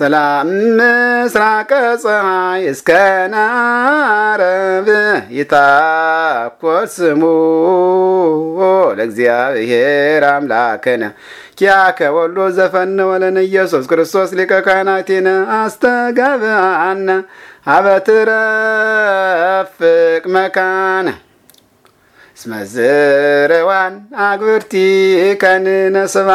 ሰላም ምስራቀ ፀሐይ እስከ ናረብ ይታኮት ስሙ ለእግዚአብሔር አምላክነ ኪያከ ወሎ ዘፈን ወለን ኢየሱስ ክርስቶስ ሊቀ ካህናቲነ አስተጋብአነ አበትረፍቅ መካነ እስመዝርዋን አግብርቲ ከንነስባ